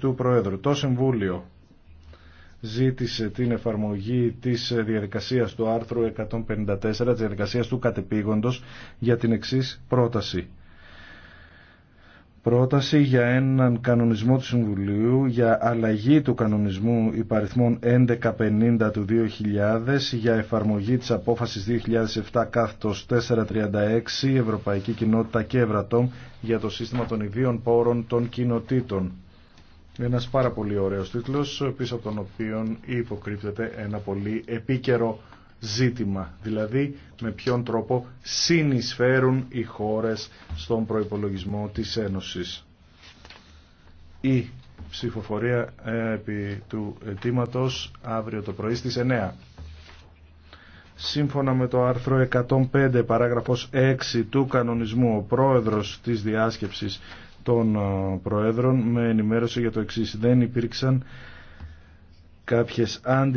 του Προέδρου. Το Συμβούλιο ζήτησε την εφαρμογή της διαδικασίας του άρθρου 154, της διαδικασίας του κατεπήγοντος, για την εξής πρόταση. Πρόταση για έναν κανονισμό του Συμβουλίου για αλλαγή του κανονισμού υπαριθμών 1150 του 2000 για εφαρμογή της απόφασης 2007 436 Ευρωπαϊκή Κοινότητα και Ευρατόμ για το σύστημα των ιδίων πόρων των κοινοτήτων. Ένας πάρα πολύ ωραίος τίτλος, πίσω από τον οποίο υποκρύπτεται ένα πολύ επίκαιρο ζήτημα. Δηλαδή, με ποιον τρόπο συνεισφέρουν οι χώρες στον προϋπολογισμό της Ένωσης. Η ψηφοφορία ε, επί του αιτήματο αύριο το πρωί στις 9. Σύμφωνα με το άρθρο 105 παράγραφος 6 του κανονισμού, ο πρόεδρος της διάσκεψης των Προέδρων με ενημέρωση για το εξής. Δεν υπήρξαν κάποιες